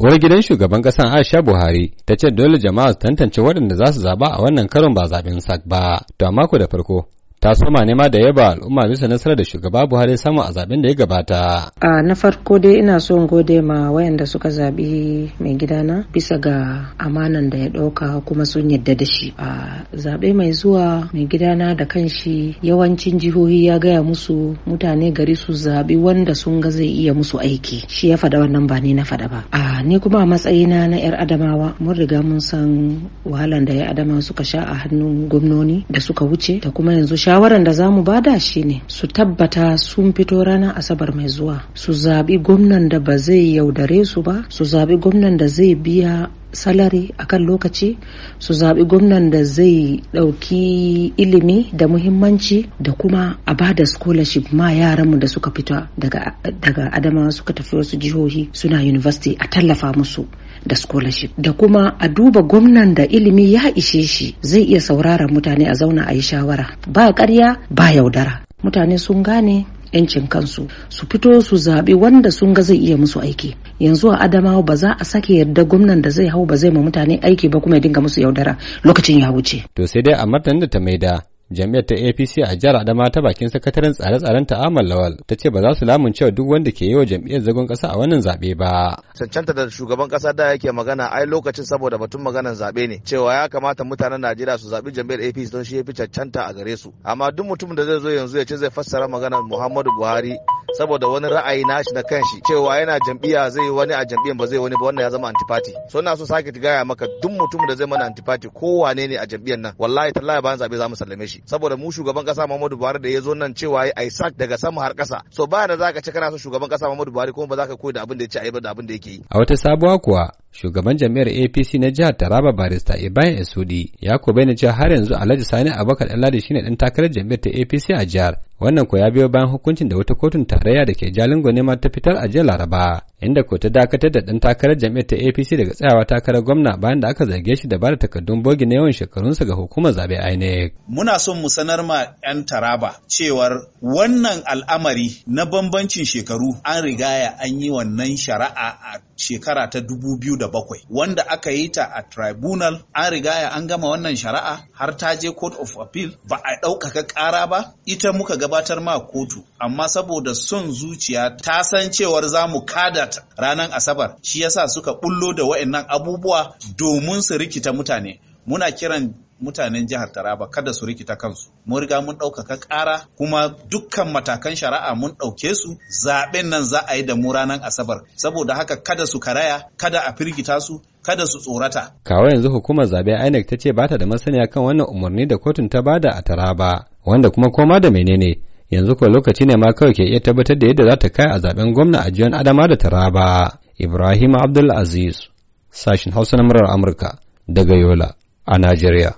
Uwar gidan shugaban ƙasar Aisha Buhari ta ce dole jama'a su tantance waɗanda za su zaɓa a wannan karon ba zaɓen sak ba. To a mako da farko ta soma nema da yaba al'umma bisa nasarar da shugaba buhari samu a zaben da ya gabata a na farko dai ina so in gode ma wayanda suka zabi mai gidana bisa ga amanan da ya dauka kuma sun yadda da shi a zabe mai zuwa mai gidana da kanshi yawancin jihohi ya gaya musu mutane gari su zabi wanda sun ga zai iya musu aiki shi ya fada wannan ba ni na faɗa ba a ni kuma a matsayina na yar adamawa mun riga mun san wahalan da ya adama suka sha a hannun gwamnoni da suka wuce da kuma yanzu shawaran da za mu bada shine su tabbata sun fito ranar asabar mai zuwa su zaɓi gwamnan da ba zai yaudare su ba su zaɓi gwamnan da zai biya salari a kan lokaci su zaɓi gwamnan da zai ɗauki ilimi da muhimmanci da kuma a ba da scholarship ma yaranmu da suka fita daga, daga adamawa suka tafi wasu jihohi suna university a tallafa musu da scholarship da kuma a duba gwamnan da ilimi ya ishe shi zai iya sauraron mutane a zauna a yi shawara ba ƙarya ba yaudara mutane sun gane 'yancin kansu su fito su zaɓi wanda sun ga zai iya musu aiki yanzu a adamawa ba za a sake yarda gwamnan da zai hau ba zai ma mutane aiki ba kuma ya dinga musu yaudara lokacin ya wuce to sai dai a martanin da ta maida jami'ar ta apc a jihar adama ta bakin sakataren tsare-tsaren ta amal lawal ta ce ba za su cewa duk wanda ke yi wa jami'ar zagon kasa a wannan zaɓe ba cancanta da shugaban kasa da yake magana ai lokacin saboda batun maganar zaɓe ne cewa ya kamata mutanen najeriya su zaɓi jami'ar apc don shi ya fi cancanta a gare su amma duk mutum da zai zo yanzu ya ce zai fassara maganar muhammadu buhari saboda wani ra'ayi nashi na kanshi cewa yana jam'iyya zai yi wani a jam'iyyar ba zai wani ba wannan ya zama antipati so na so sake gaya maka duk mutum da zai mana antipati ko wane ne a jam'iyyar nan wallahi tallahi bayan zabe za mu sallame shi saboda mu shugaban kasa Muhammadu Buhari da ya zo nan cewa ya Isaac daga sama har kasa so ba da zaka ce kana so shugaban kasa Muhammadu Buhari kuma ba za ka koyi da abin da ya ce ba da abin da yake yi a wata sabuwa kuwa shugaban jami'ar apc na jihar taraba barista ibrahim esudi ya ko bayyana cewa har yanzu alhaji sani abubakar ɗanladi shine dan takarar jami'ar ta apc a jihar wannan ko ya biyo bayan hukuncin da wata kotun tarayya da ke jalingo ne ma ta fitar a jiya laraba inda ko ta dakatar da ɗan takarar jam'iyyar ta APC daga tsayawa takarar gwamna bayan da aka zarge shi da ba da takardun bogi na yawan shekarunsa ga hukumar zaɓe INEC. Muna son mu sanar ma 'yan Taraba cewar wannan al'amari na bambancin shekaru an rigaya an yi wannan shari'a a shekara ta 2007 wanda aka yi ta a tribunal an rigaya an gama wannan shari'a har ta je court of appeal ba a ɗaukaka ƙara ba ita muka gabatar ma kotu amma saboda son zuciya ta san cewar za mu kada Salat ranar Asabar shi yasa suka bullo da wa'annan abubuwa domin su rikita mutane muna kiran mutanen jihar Taraba kada su rikita kansu. Mun riga mun ɗaukaka ƙara kuma dukkan matakan shari'a mun ɗauke su zaɓen nan za a yi da mu ranar Asabar. Saboda haka kada su karaya, kada a firgita su, kada su tsorata. Kawo yanzu hukumar zaɓe INEC ta ce ba ta da masaniya kan wannan umarni da kotun ta bada a Taraba, wanda kuma koma da menene yanzu ko lokaci ne ma kawai ke iya tabbatar da yadda za ta kai a zaben gwamna a jiyon Adama da Taraba. Ibrahim AbdulAziz sashen sashin Hausa na murar Amurka daga Yola a Najeriya.